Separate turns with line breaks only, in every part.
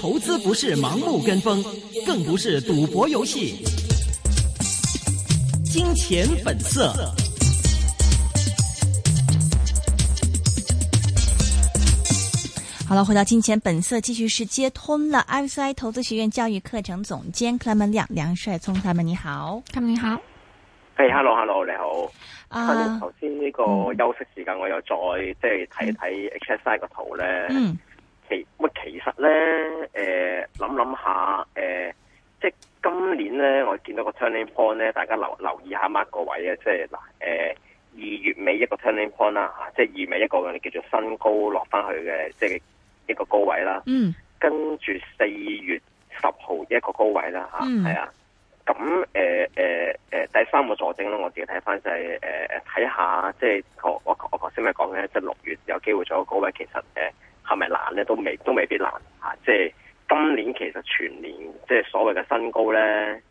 投資不是盲目跟風，更不是賭博遊戲。金錢本色。
好了，回到金錢本色，繼續是接通了 IVC 投資學院教育課程總監 Clement 亮梁帥聰，他們你好，他們你好，
哎，Hello，Hello，你好啊。頭先呢個休息時間，我又再即係睇一睇 HSI 個圖咧，嗯。其其實咧，誒諗諗下，誒、呃、即係今年咧，我見到個 turning point 咧，大家留留意一下乜個位啊！即係嗱，誒、呃、二月尾一個 turning point 啦，嚇，即係二月尾一個叫做新高落翻去嘅，即係一個高位啦。嗯。跟住四月十號一個高位啦，嚇，係啊。咁誒誒誒，第三個佐證咧，我自己睇翻就係誒睇下，即係我我我頭先咪講嘅，即係六月有機會做個高位，其實誒。呃係咪難咧？都未都未必難吓，即、啊、係、就是、今年其實全年即係、就是、所謂嘅新高咧，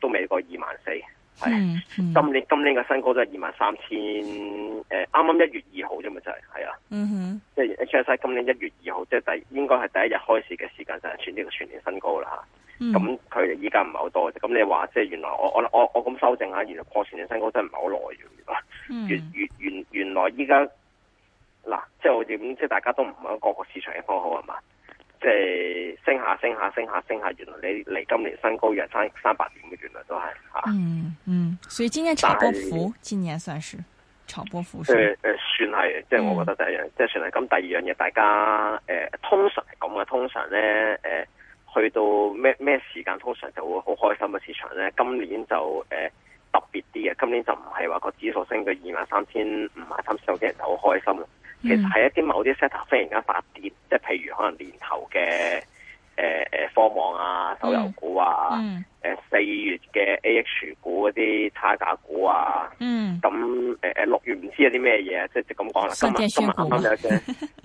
都未過二萬四。
係、嗯嗯、今
年今年嘅新高都係二萬三千誒，啱啱一月二號啫嘛，就係係啊。
嗯
哼，即係 H S I 今年一月二號即係第應該係第一日開始嘅時間就係創呢個全年新高啦。咁佢哋依家唔係好多嘅，咁你話即係原來我我我我咁修正下，原來過全年新高真係唔係好耐，原原原原來依家。嗯原原原來嗱，即係我哋咁，即係大家都唔係一個個市場嘅方好係嘛？即係升下升下升下升下，原來你嚟今年新高約三三百點嘅，原來都係吓、啊。嗯嗯，
所以今年炒波幅，今年算係炒波幅。誒、呃、
誒、呃，算係、嗯，即係我覺得第一樣，即係算係咁。第二樣嘢，大家誒、呃，通常係咁嘅，通常咧誒、呃，去到咩咩時間，通常就會好開心嘅市場咧。今年就誒、呃、特別啲嘅，今年就唔係話個指數升到二萬三千五萬三千，有啲人就好開心。嗯、其實係一啲某啲 sector 忽然間發跌，即係譬如可能年頭嘅誒誒科網啊、手遊股啊，誒、嗯、四、嗯呃、月嘅 AH 股嗰啲差價股啊，咁誒六月唔知有啲咩嘢啊，即係咁講啦。今日今日啱啱有隻，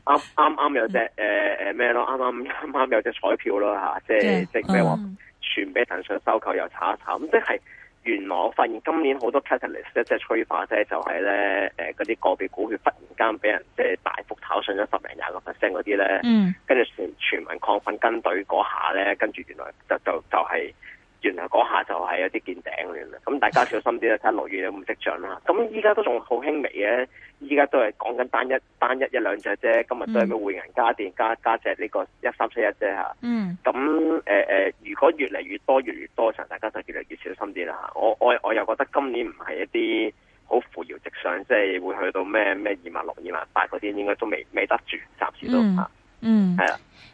啱啱啱有隻誒誒咩咯，啱啱啱啱有隻彩票咯嚇，即係即係咩話，傳俾騰訊收購又炒一炒，咁即係。原來我發現今年好多 catalyst 咧，即係催化啫，就係咧，誒嗰啲個別股票忽然間俾人即係大幅炒上咗十零廿個 percent 嗰啲咧，嗯，跟住全全民亢奮跟隊嗰下咧，跟住原來就就就係、是。原來嗰下就係有啲見頂嘅。咁大家小心啲啦！睇落雨有冇跡象啦。咁依家都仲好輕微嘅，依家都係講緊單一單一一兩隻啫。今日都係咩匯銀、家電、加加隻呢個一三四一啫吓嗯。咁誒、呃呃、如果越嚟越多越嚟越多場，大家就越嚟越小心啲啦。我我我又覺得今年唔係一啲好扶搖直上，即係會去到咩咩二萬六、二萬八嗰啲，應該都未未得住，暫時都吓
嗯。係啦、嗯。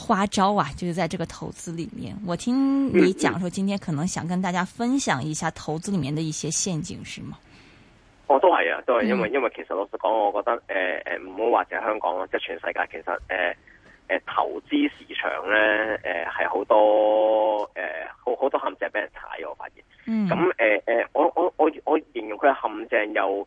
花招啊，就是在這個投資裏面，我聽你講，說今天可能想跟大家分享一下投資裏面的一些陷阱，是嗎？
我、嗯嗯哦、都係啊，都係、啊、因為因為其實老實講，我覺得誒誒唔好話淨係香港咯，即係全世界其實誒誒、呃呃、投資市場咧誒係好多誒好好多陷阱俾人踩，我發現。
咁誒誒，
我我我我形容佢嘅陷阱有。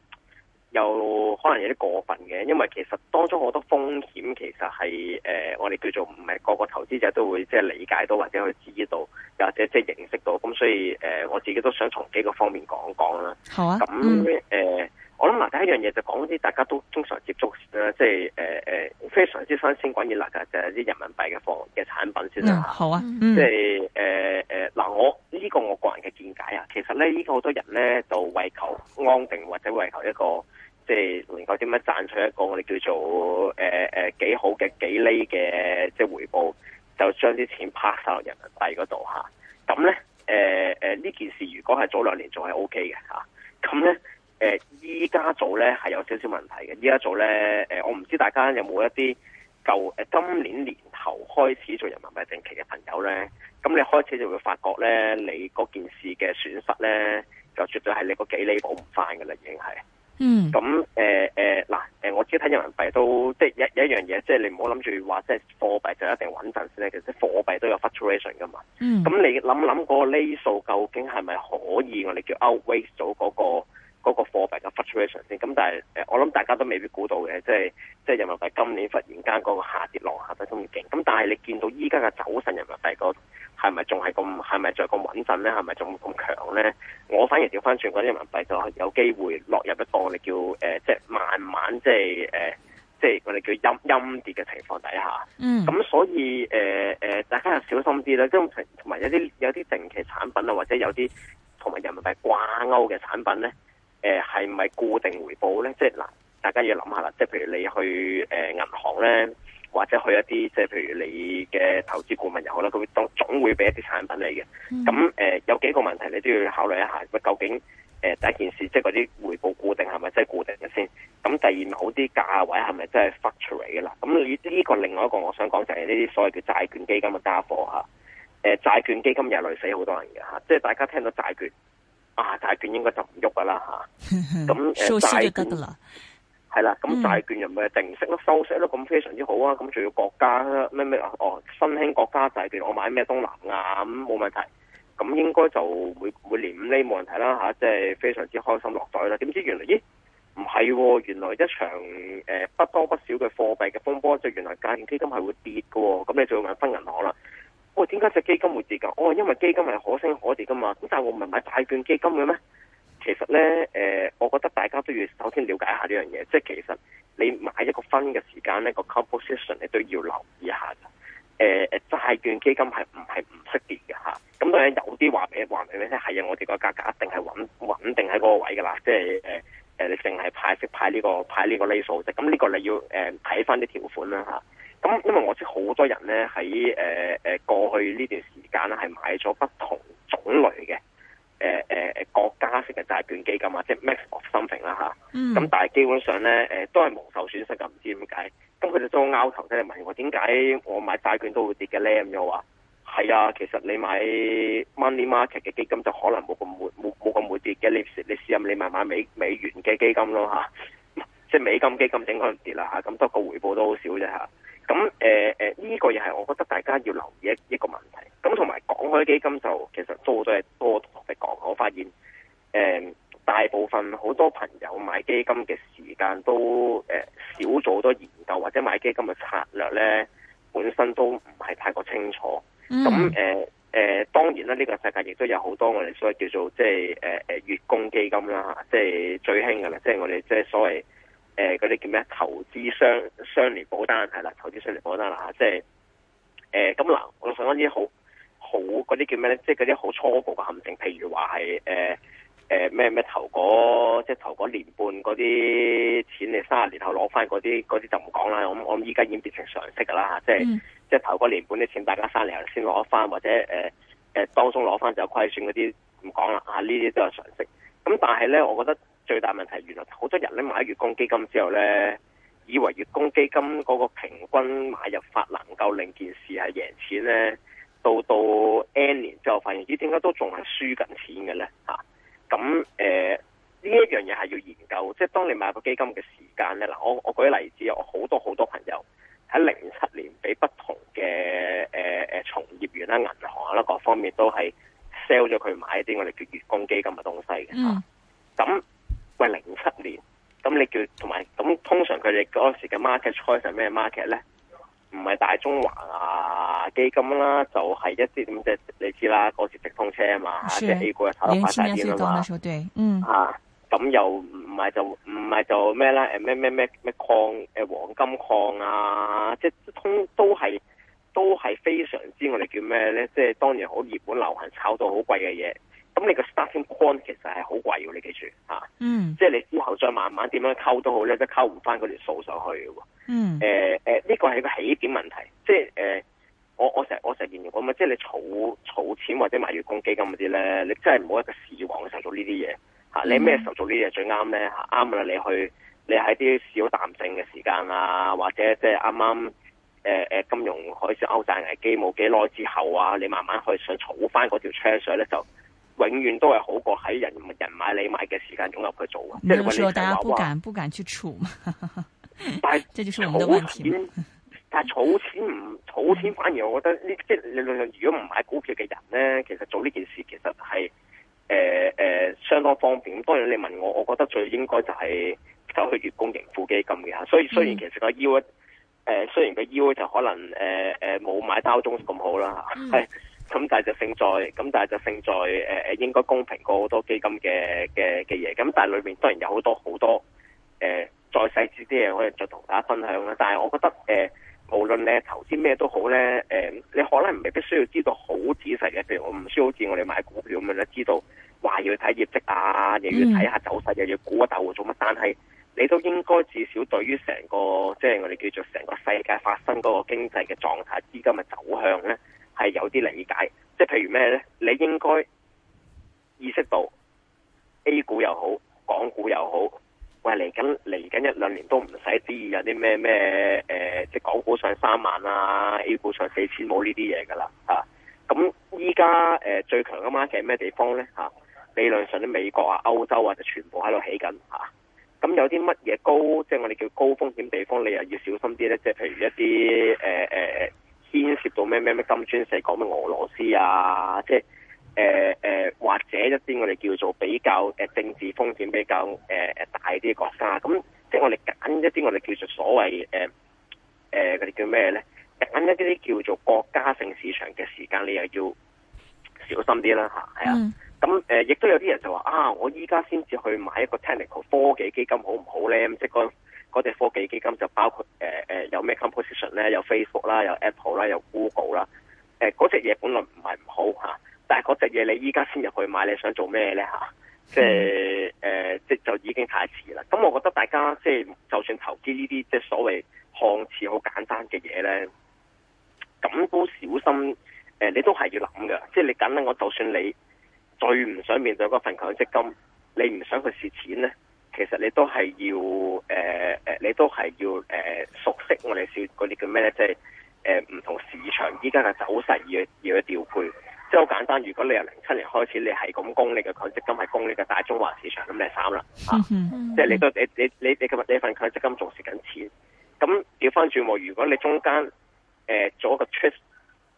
又可能有啲過分嘅，因為其實當中好多風險其實係誒、呃，我哋叫做唔係個個投資者都會即係理解到或者去知道，又或者即係認識到。咁所以誒、呃，我自己都想從幾個方面講一講啦。好啊。咁誒、嗯呃，我諗第一樣嘢就講啲大家都通常接觸誒，即係誒誒非常之新鮮、滾熱辣嘅一啲人民幣嘅貨嘅產品先啦、嗯。好啊。嗯、即係誒誒，嗱、呃呃、我呢、呢個我個人嘅見解啊，其實咧依家好多人咧就為求安定或者為求一個。即係連我點樣賺取一個我哋叫做誒誒、呃、幾好嘅幾厘嘅即係回報，就將啲錢拍晒人民幣嗰度吓。咁咧誒誒呢、呃、件事如果係早兩年做係 O K 嘅吓，咁咧誒依家做咧係有少少問題嘅。依家做咧誒、呃，我唔知大家有冇一啲舊誒今年年頭開始做人民幣定期嘅朋友咧，咁你開始就會發覺咧，你嗰件事嘅損失咧就絕對係你個幾厘補唔翻噶啦，已經係。嗯，咁誒誒，嗱、呃，誒、呃，我自己睇人民幣都即係一一樣嘢，即係你唔好諗住話即係貨幣就一定穩陣先咧，其實貨幣都有 fluctuation 噶嘛。嗯，咁你諗諗嗰個厘數究竟係咪可以我哋叫 outweigh 咗嗰、嗰個？嗰、那個貨幣嘅 fluctuation 嚟嘅嘢先，咁但係誒，我諗大家都未必估到嘅，即係即係人民幣今年忽然間嗰個下跌浪下得咁勁。咁但係你見到依家嘅走勢，人民幣個係咪仲係咁，係咪再咁穩陣咧？係咪仲咁強咧？我反而調翻轉，嗰啲人民幣就有機會落入一個我哋叫誒、呃，即係慢慢即係誒，即係、呃、我哋叫陰陰跌嘅情況底下。嗯。咁所以誒誒、呃呃，大家就小心啲啦。咁同埋有啲有啲定期產品啊，或者有啲同埋人民幣掛鈎嘅產品咧。誒係咪固定回報咧？即係嗱，大家要諗下啦。即係譬如你去誒銀行咧，或者去一啲即係譬如你嘅投資顧問又好啦，佢當總會俾一啲產品你嘅。咁、嗯、誒有幾個問題你都要考慮一下。究竟誒第一件事，即係嗰啲回報固定係咪真係固定嘅先？咁第二某啲價位係咪真係 fluctuate 嘅啦？咁你呢個另外一個我想講就係呢啲所謂嘅債券基金嘅家貨嚇。誒債券基金又累死好多人嘅嚇，即係大家聽到債券。啊！債券應該就唔喐噶啦吓，咁債券係啦，咁、嗯、債券又咪定息咯、收息咯，咁非常之好啊！咁仲要國家咩咩啊？哦，新興國家債券，我買咩東南亞咁冇問題，咁應該就每每年五厘冇問題啦吓，即、啊、係、就是、非常之開心落袋啦。點知原來咦唔係、啊，原來一場誒、呃、不多不少嘅貨幣嘅風波，即係原來債券基金係會跌嘅，咁你仲要揾分銀行啦。喂、哦，點解隻基金會跌㗎？哦，因為基金係可升可跌噶嘛。咁但係我唔係買債券基金嘅咩？其實咧，誒、呃，我覺得大家都要首先了解一下呢樣嘢。即係其實你買一個分嘅時間呢、呢個 composition 你都要留意一下嘅。誒、呃、誒，債券基金係唔係唔適應嘅吓？咁當然有啲話俾話俾你聽，係啊，我哋個價格一定係穩穩定喺嗰個位噶啦。即係誒、呃、你淨係派息、呢個、派呢個派呢個利數值。咁呢個你要誒睇翻啲條款啦吓。咁因為我知好多人咧喺誒誒過去呢段時間咧係買咗不同種類嘅誒誒誒國家式嘅債券基金啊，即係 mix of something 啦、嗯、嚇。咁但係基本上咧誒都係蒙受損失嘅，唔知點解。咁佢哋都拗頭，即係問我點解我買債券都會跌嘅咧？咁樣我話係啊，其實你買 money market 嘅基金就可能冇咁冇冇咁會跌嘅。你你試下你買買美美元嘅基金咯嚇，即係美金基金整可能跌啦嚇。咁不過回報都好少啫嚇。咁誒誒，呢個又係我覺得大家要留意一一個問題。咁同埋講開基金就，就其實多都係多同我哋講。我發現誒、呃，大部分好多朋友買基金嘅時間都誒少咗多研究，或者買基金嘅策略咧，本身都唔係太過清楚。
咁誒
誒，當然啦，呢個世界亦都有好多我哋所謂叫做即係誒月供基金啦，即係最興嘅啦，即係我哋即係所謂。誒、欸，嗰啲叫咩？投資相相連保單係啦，投資相連保單啦嚇，即係誒咁嗱。我想講啲好好嗰啲叫咩咧？即係嗰啲好初步嘅陷阱，譬如話係誒誒咩咩投嗰即係投嗰年半嗰啲錢，你三十年後攞翻嗰啲嗰啲就唔講啦。我我依家已經變成常識㗎啦嚇，就是 mm. 即係即係投嗰年半啲錢，大家三年後先攞翻，或者誒誒、欸、當中攞翻就有虧損嗰啲唔講啦嚇，呢啲都係常識。咁但係咧，我覺得。最大問題原來好多人咧買月供基金之後咧，以為月供基金嗰個平均買入法能夠令件事係贏錢咧，到到 N 年之後發現咦點解都仲係輸緊錢嘅咧？嚇咁誒呢一樣嘢係要研究，即係當你買個基金嘅時間咧，嗱我我舉例子，有好多好多朋友喺零七年俾不同嘅誒誒從業員啦、銀行啦各方面都係 sell 咗佢買一啲我哋叫月供基金嘅東西嘅咁。啊係零七年，咁你叫同埋咁通常佢哋嗰時嘅 market choice 係咩 market 咧？唔係大中華啊基金啦，就係、是、一啲咁嘅，你知啦，嗰時直通車啊嘛，即 A 股又炒得快啲啊嘛。是。年、嗯、啊，咁又唔係就唔係就咩啦，誒咩咩咩咩礦誒黃金礦啊！即通都係都係非常之我哋叫咩咧？即係當年好熱門流行炒到好貴嘅嘢。咁你個 starting point 其實係好貴喎，你記住嚇、
嗯，即係你
之後再慢慢點樣溝都好咧，都溝唔翻嗰條數上去
嘅
喎。誒、嗯、誒，呢個係個起點問題，即係誒、呃、我我成我成日形容我咁樣，即係你儲儲錢或者買月供基金嗰啲咧，你真係唔好一個市旺嘅時候做呢啲嘢嚇。你咩時候做呢啲嘢最啱咧？啱、嗯、啦，你，你去你喺啲小淡靜嘅時間啊，或者即係啱啱誒誒金融海嘯歐債危機冇幾耐之後啊，你慢慢去想儲翻嗰條車水咧就。永遠都係好過喺人人買你買嘅時間湧入去做啊！即係我哋大家不敢
不敢去儲，但
係 這就是我們的問題。但係儲錢唔儲錢，錢反而，我覺得呢 即係理論上，如果唔買股票嘅人咧，其實做呢件事其實係誒誒相當方便。當然你問我，我覺得最應該就係走去月供盈富基金嘅吓。所以雖然其實阿腰，誒、 呃，雖然嘅腰就可能誒誒冇買包中咁好啦吓。哎 咁但係就勝在，咁但係就勝在，誒誒，應該公平過好多基金嘅嘅嘅嘢。咁但係裏面當然有好多好多，誒、呃，再細致啲嘢，可以再同大家分享啦。但係我覺得，誒、呃，無論你投資咩都好咧，誒、呃，你可能唔未必需要知道好仔細嘅，譬如我唔需要好似我哋買股票咁樣咧，知道話要睇業績啊，又要睇下走勢，又要估下大匯做乜。但係你都應該至少對於成個，即係我哋叫做成個世界發生嗰個經濟嘅狀態、資金嘅走向咧，係有啲理解。譬如咩呢？你應該意識到 A 股又好，港股又好，喂嚟緊嚟緊一兩年都唔使知有啲咩咩誒，即係港股上三萬啊，A 股上四千冇呢啲嘢噶啦吓。咁依家誒，最強嘅 market 係咩地方呢？吓、啊？理論上啲美國啊、歐洲啊就全部喺度起緊吓。咁、啊嗯、有啲乜嘢高，即係我哋叫高風險地方，你又要小心啲呢。即係譬如一啲誒誒。呃呃牽涉到咩咩咩金磚四國咩俄羅斯啊，即係誒誒，或者一啲我哋叫做比較誒政治風險比較誒、呃、大啲嘅國家，咁即係我哋揀一啲我哋叫做所謂誒誒啲叫咩咧？揀一啲叫做國家性市場嘅時間，你又要小心啲啦嚇，係啊。咁誒，亦都有啲人就話啊，我依家先至去買一個 technical 科技基金好唔好咧？咁即係嗰、那、隻、個、科技基金就包括誒誒、呃、有咩 composition 咧，有 Facebook 啦，有 Apple 啦，有 Google 啦、呃。誒嗰隻嘢本來唔係唔好嚇、啊，但係嗰隻嘢你依家先入去買，你想做咩咧嚇？即係誒即就已經太遲啦。咁我覺得大家即係就算投資呢啲即係所謂看似好簡單嘅嘢咧，咁都小心誒、呃，你都係要諗噶。即係你講啦，我就算你最唔想面對嗰份強積金，你唔想去蝕錢咧？其實你都係要誒誒、呃，你都係要誒、呃、熟悉我哋說嗰啲叫咩咧？即係誒唔同市場依家嘅走勢而而去調配，即係好簡單。如果你由零七年開始，你係咁供你嘅強積金係供你嘅大中華市場咁、啊， 你慘啦，即係你都你你你你份你份強積金仲蝕緊錢咁調翻轉喎。如果你中間誒、呃、做一個 choose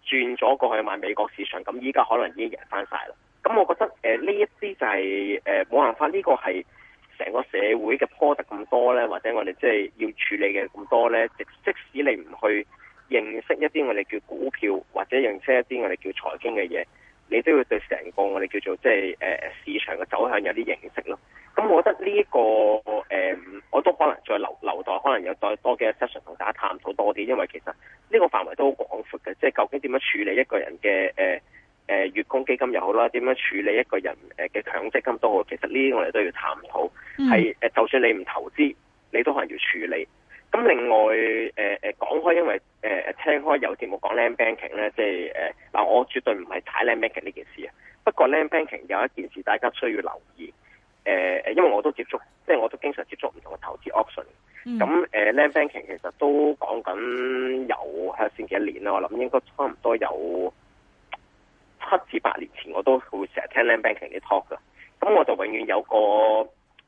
轉咗過去買美國市場，咁依家可能已經贏翻晒啦。咁我覺得誒呢一啲就係誒冇辦法，呢、呃這個係。成個社會嘅 product 咁多呢，或者我哋即係要處理嘅咁多呢，即即使你唔去認識一啲我哋叫股票或者認識一啲我哋叫財經嘅嘢，你都要對成個我哋叫做即係、就是呃、市場嘅走向有啲認識咯。咁我覺得呢、這個誒、呃，我都可能再留留待可能有再多幾個 session 同大家探討多啲，因為其實呢個範圍都好廣闊嘅，即、就、係、是、究竟點樣處理一個人嘅誒、呃誒、呃，月供基金又好啦，點樣處理一個人誒嘅強積金都好，其實呢啲我哋都要探討。
係、嗯、誒，
就算你唔投資，你都可能要處理。咁另外誒誒講開，因為誒誒、呃、聽開有節目講 land banking 咧、就是，即係誒嗱，我絕對唔係踩 land banking 呢件事啊。不過 land banking 有一件事大家需要留意，誒、呃、誒，因為我都接觸，即、就、係、是、我都經常接觸唔同嘅投資 option、嗯。
咁誒、呃、
，land banking 其實都講緊有係先幾年啦，我諗應該差唔多有。七至八年前我都會成日聽 land banking 嘅 talk 噶，咁我就永遠有個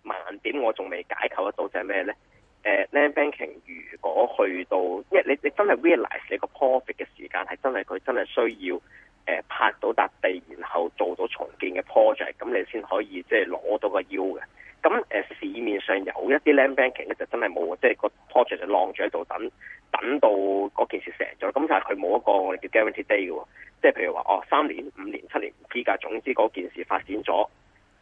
盲點，我仲未解構得到就係咩咧？呃，land banking 如果去到，因為你你真係 realize 你個 profit 嘅時間係真係佢真係需要、呃、拍到笪地，然後做到重建嘅 project，咁你先可以即係攞到個腰嘅。咁誒市面上有一啲 land banking 咧，就真係冇喎，即係個 project 就晾住喺度等，等到嗰件事成咗，咁但係佢冇一個我哋叫 guarantee day 嘅喎，即係譬如話哦三年五年七年唔知㗎，總之嗰件事發展咗，誒、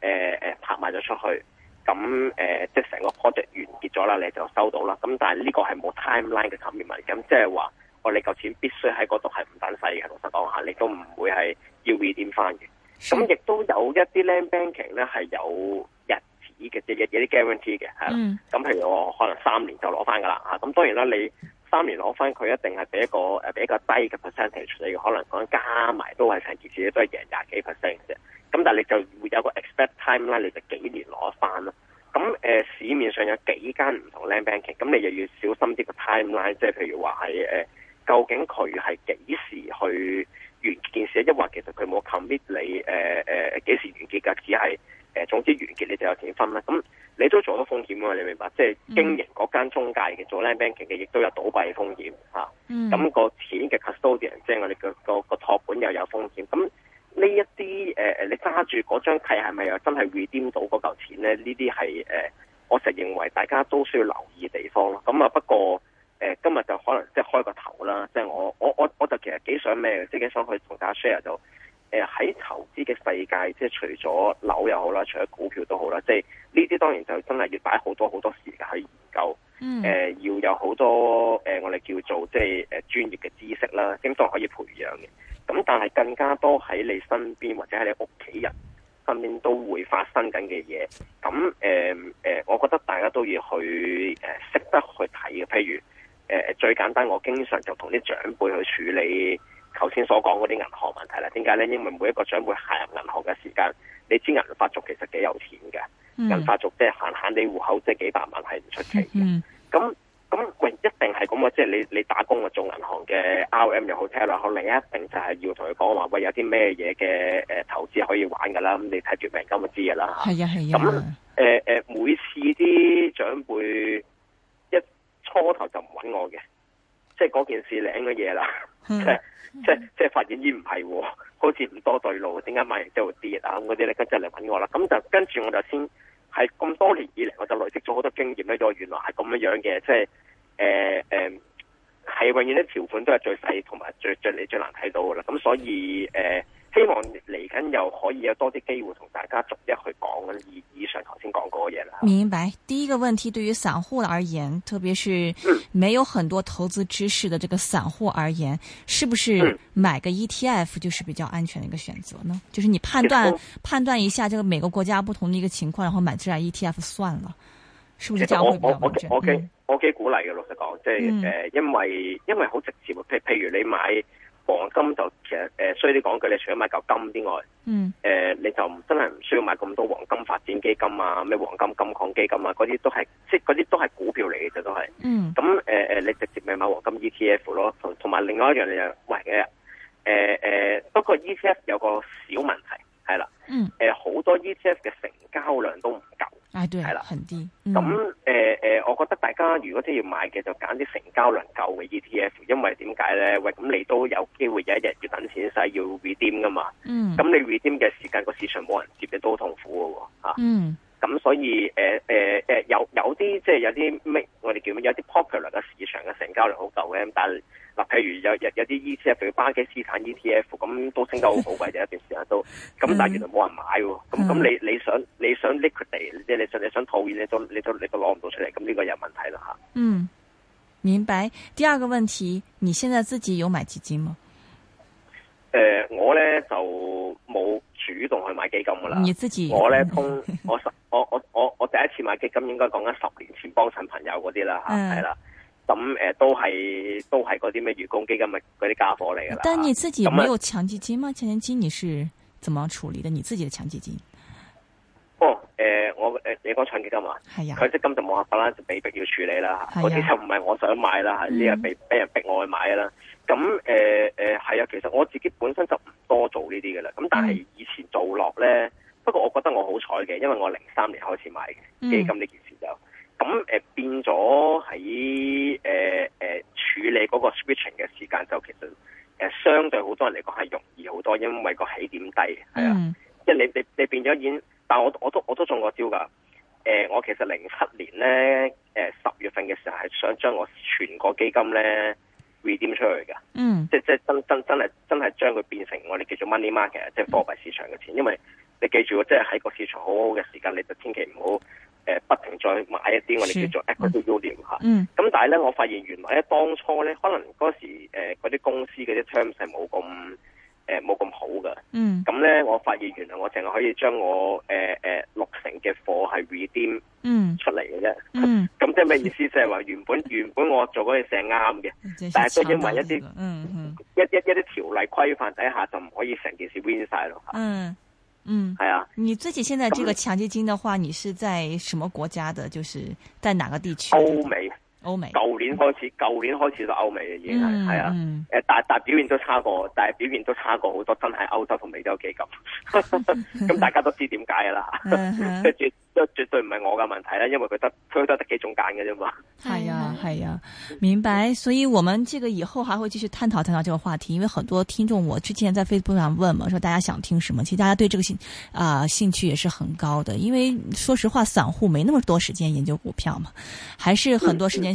呃、拍賣咗出去，咁誒、呃、即係成個 project 完結咗啦，你就收到啦。咁但係呢個係冇 timeline 嘅 commitment，咁即係話我哋、哦、嚿錢必須喺嗰度係唔等使嘅。老實講下，你都唔會係要回點翻嘅。咁亦都有一啲 land banking 咧係有人。依個嘅嘅啲 guarantee 嘅，係啦，咁、嗯、譬如我可能三年就攞翻噶啦，啊，咁當然啦，你三年攞翻佢一定係俾一個誒俾一個比較低嘅 percentage，你可能講加埋都係成件事都係贏廿幾 percent 嘅啫。咁但係你就會有個 expect time line 你就幾年攞翻啦。咁誒、呃、市面上有幾間唔同 land banking，咁你又要小心啲個 timeline，即係譬如話係誒，究竟佢係幾時去完結件事？一或其實佢冇 commit 你誒誒幾時完結嘅，只係。誒，總之完結你就有錢分啦。咁你都做到風險啊，你明白？即係經營嗰間中介嘅做 land bank 嘅，亦都有倒閉風險嚇。咁、mm. 個錢嘅 custodian，即係我哋嘅、嗰個託管又有風險。咁呢一啲誒誒，你揸住嗰張契係咪又真係 redeem 到嗰嚿錢咧？呢啲係誒，我實認為大家都需要留意嘅地方咯。咁啊，不過誒，今日就可能即係開個頭啦。即係我我我我就其實幾想咩嘅，即係想去同大家 share 就。喺投資嘅世界，即係除咗樓又好啦，除咗股票都好啦，即係呢啲當然就真係要擺好多好多時間去研究，誒、嗯呃、要有好多誒、呃、我哋叫做即係誒專業嘅知識啦，咁都可以培養嘅。咁但係更加多喺你身邊或者喺你屋企人身邊都會發生緊嘅嘢。咁誒誒，我覺得大家都要去誒、呃、識得去睇嘅，譬如誒、呃、最簡單，我經常就同啲長輩去處理。頭先所講嗰啲銀行問題啦，點解咧？因為每一個長輩行入銀行嘅時間，你知銀發族其實幾有錢嘅，銀、嗯、發族即係閒閒哋你戶口即係、就是、幾百萬係唔出奇嘅。咁、嗯、咁一定係咁啊！即、就、係、是、你你打工啊做銀行嘅 RM 又好，聽佬好，你一定就係要同佢講話喂，有啲咩嘢嘅誒投資可以玩噶啦。咁你睇住明金就知噶啦。係啊係啊。咁誒誒，每次啲長輩一初頭就唔揾我嘅。即係嗰件事的，領嘅嘢啦，即係即係即係發現，咦唔係，好似唔多對路，點解買完之後跌啊，咁嗰啲咧，跟就嚟搵我啦。咁就跟住我就先係咁多年以嚟，我就累積咗好多經驗咧。就原來係咁樣樣嘅，即係誒誒，係、呃呃、永遠啲條款都係最細同埋最最你最難睇到嘅啦。咁所以誒。呃希望嚟緊又可以有多啲機會同大家逐一去講嘅以以上頭先講過嘅嘢啦。
明白。第一個問題對於散戶而言，特別是沒有很多投資知識的這個散戶而言，嗯、是不是買個 ETF 就是比較安全的一個選擇呢？嗯、就是你判斷判斷一下，這個每個國家不同的一個情況，然後買隻 ETF 算了，是不是這樣會比較安全？我幾
我幾、嗯、鼓勵嘅老實講，即係誒、嗯呃，因為因為好直接，譬譬，譬如你買。黃金就其實誒，衰啲講句，你除咗買嚿金之外，嗯、mm. 呃，誒你就唔真係唔需要買咁多黃金發展基金啊，咩黃金金礦基金啊，嗰啲都係，即係嗰啲都係股票嚟嘅，就都係。嗯、mm.，
咁、呃、誒
你直接咪買黃金 ETF 咯，同同埋另外一樣嘢就，喂、哎，誒、呃、誒、呃，不過 ETF 有個小問題，係啦，嗯、mm. 呃，誒好多 ETF 嘅成交量都唔夠。
係啦，很低。咁
誒誒，我覺得大家如果真係要買嘅，就揀啲成交量夠嘅 ETF。因為點解咧？喂，咁你都有機會有一日要等錢使，要 redeem 㗎嘛。嗯。咁你 redeem 嘅時間個市場冇人接，都痛苦嘅喎、啊、
嗯。
咁所以誒、呃呃、有有啲即係有啲咩？我哋叫咩？有啲 popular 嘅市場嘅成交量好夠嘅，但嗱，譬如有有有啲 ETF，譬如巴基斯坦 ETF，咁都升得好好貴嘅一段時間都，咁 但係原來冇人買，咁、嗯、咁你你想你想 liquidate，即係你想你想套現，你都你都你都攞唔到出嚟，咁呢個有問題啦吓。嗯，
明白。第二個問題，你現在自己有買基金嗎？
誒、呃，我咧就冇主動去買基金噶啦。你自己我呢？ 我咧通我十我我我我第一次買基金，應該講緊十年前幫襯朋友嗰啲啦吓，係、嗯、啦。咁、嗯、誒、呃，都係都係嗰啲咩員工基金嘅嗰啲家伙嚟噶啦。但你自己有冇
強積金嗎？強積金你是怎麼處理的？你自己的強積金？
哦，誒、呃，我誒、呃，你講強積金啊？係啊，強積金就冇辦法啦，就被逼要處理啦。嗰啲就唔係我想買啦，呢、嗯、個係俾人逼我去買啦。咁誒誒，係、嗯、啊、嗯嗯嗯呃，其實我自己本身就唔多做呢啲噶啦。咁但係以前做落咧、嗯，不過我覺得我好彩嘅，因為我零三年開始買嘅基金呢件事就。嗯咁誒、呃、變咗喺誒處理嗰個 switching 嘅時間就其實、呃、相對好多人嚟講係容易好多，因為個起點低，係、mm -hmm. 啊，即係你你你變咗已經但我我都我都中過招㗎。誒、呃，我其實零七年咧誒十月份嘅時候係想將我全個基金咧 redeem 出去㗎。嗯、mm -hmm.，即即真真真係真係將佢變成我哋叫做 money market，即係貨幣市場嘅錢。Mm -hmm. 因為你記住，即係喺個市場好好嘅時間，你就千祈唔好。誒、呃、不停再買一啲我哋叫做 equity yield 嚇，咁、嗯嗯、但係咧，我發現原來咧當初咧，可能嗰時嗰啲、呃、公司嗰啲 terms 係冇咁誒冇咁好噶，咁、嗯、咧我發現原來我淨係可以將我誒誒、呃呃、六成嘅貨係 redeem 出嚟嘅，啫、嗯。咁即係咩意思？即係話原本原本我做嗰件事係啱嘅， 但係都因為一啲、 嗯嗯、一啲一啲條,條例規範底下就唔可以成件事 win 曬咯嚇。嗯嗯，
你自己現在這個強積金的話，你是在什麼國家的？就是在哪個地區？
歐美。歐美，舊年開始，舊、嗯、年開始到歐美嘅嘢，係啊，誒、嗯呃，但但表現都差過，但係表現都差過好多，真係歐洲同美洲幾個咁，大家都知點解噶啦，嗯、呵呵絕，即絕對唔係我嘅問題咧，因為佢得，佢得得幾種揀
嘅啫嘛。係啊係啊，明白。所以，我們這個以後還會繼續探討探討這個話題，因為很多聽眾，我之前在 Facebook 上問嘛，說大家想聽什麼，其實大家對這個興啊、呃、興趣也是很高的，因為說實話，散戶沒那麼多時間研究股票嘛，還是很多時間、嗯。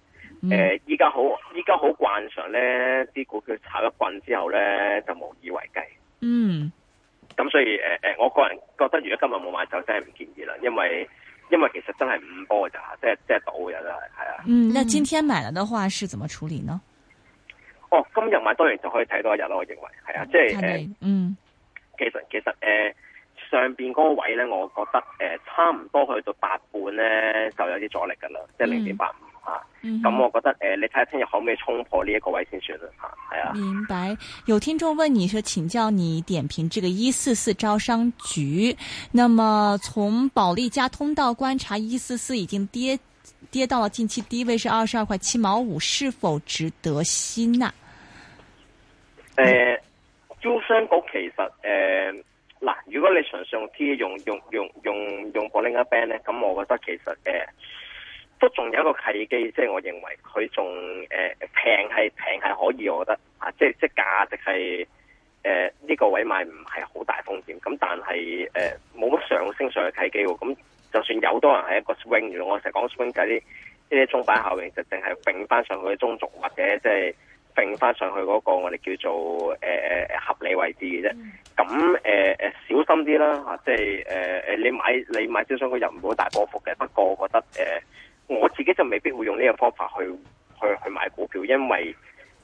誒、嗯，依
家好，依家好慣常咧，啲股票炒一棍之後咧，就無以為繼。
嗯，
咁所以誒誒、呃，我個人覺得如果今日冇買就真係唔建議啦，因為因為其實真係五波嘅咋，即係即係賭嘅又係，係啊。嗯，
那今天買了的話，是怎麼處理呢？
哦，今日買當然就可以睇多一日咯。我認為係啊，即係誒，
嗯，
其實其實誒、呃，上邊嗰個位咧，我覺得誒、呃，差唔多去到八半咧，就有啲阻力噶啦、嗯，即係零點八五。咁、嗯、我覺得誒、呃，你睇下聽日可唔可以沖破呢一個位先算啦吓，係
啊。明白。有聽眾問你說，請教你點評這個一四四招商局。那麼從保利加通道觀察，一四四已經跌跌到了近期低位，是二十二塊七毛五，是否值得吸納？
誒、呃，招、嗯、商局其實誒，嗱、呃，如果你純粹用 t 用用用用用保利加 band 咧，咁我覺得其實誒。呃都仲有一個契機，即係我認為佢仲誒平係平係可以，我覺得啊，即係即係價值係誒呢個位買唔係好大風險，咁但係誒冇乜上升上嘅契機喎，咁就算有多人係一個 swing，我成日講 swing 就啲呢啲中板效應就淨係並翻上去中族或者即係並翻上去嗰個我哋叫做誒、呃、合理位置嘅啫。咁誒、呃、小心啲啦，嚇，即係誒你買你買招商股又唔會大波幅嘅，不過我覺得誒。呃我自己就未必會用呢個方法去去去買股票，因為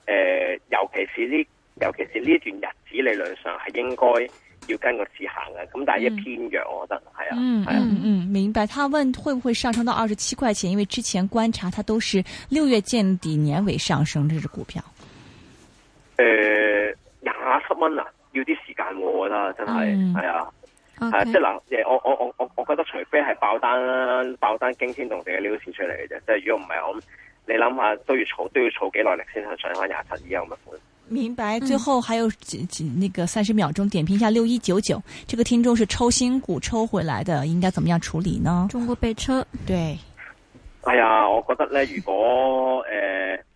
誒、呃，尤其是呢，尤其是呢段日子，理論上係應該要跟個市行嘅，咁但係一偏弱，我覺得係、嗯、啊，嗯嗯,
嗯，明白。他問會唔會上升到二十七塊錢？因為之前觀察，他都是六月見底、年尾上升，這隻股票。
誒、呃，廿七蚊啊，要啲時間，我覺得真係係、嗯、啊。Okay. 啊！即係嗱，我我我我我覺得除非係爆單，爆單驚天動地嘅呢件事出嚟嘅啫，即係如果唔係我，你諗下都要儲都要儲幾耐力先上上翻廿七以後咁嘅款。
明白、嗯，最後還有幾幾那個三十秒鐘點評一下六一九九，這個聽眾是抽新股抽回來的，應該怎麼樣處理呢？中國北車，對，
哎呀，我覺得咧，如果誒。 呃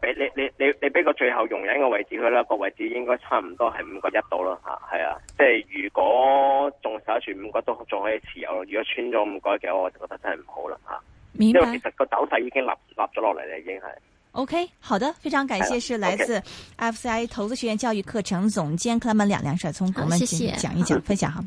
俾你你你你俾個最後容忍嘅位置佢啦，個位置應該差唔多係五個一度啦吓，係啊，即係如果仲守住五個都仲可以持有，如果穿咗五個嘅，我就覺得真係唔好啦吓。
明白。因為其
實個走勢已經立立咗落嚟啦，已經係。
OK，好的，非常感謝，是來自 F C I 投資學院教育課程總監克拉門兩梁帥聰，我們謝謝講一講分享好。拜,拜。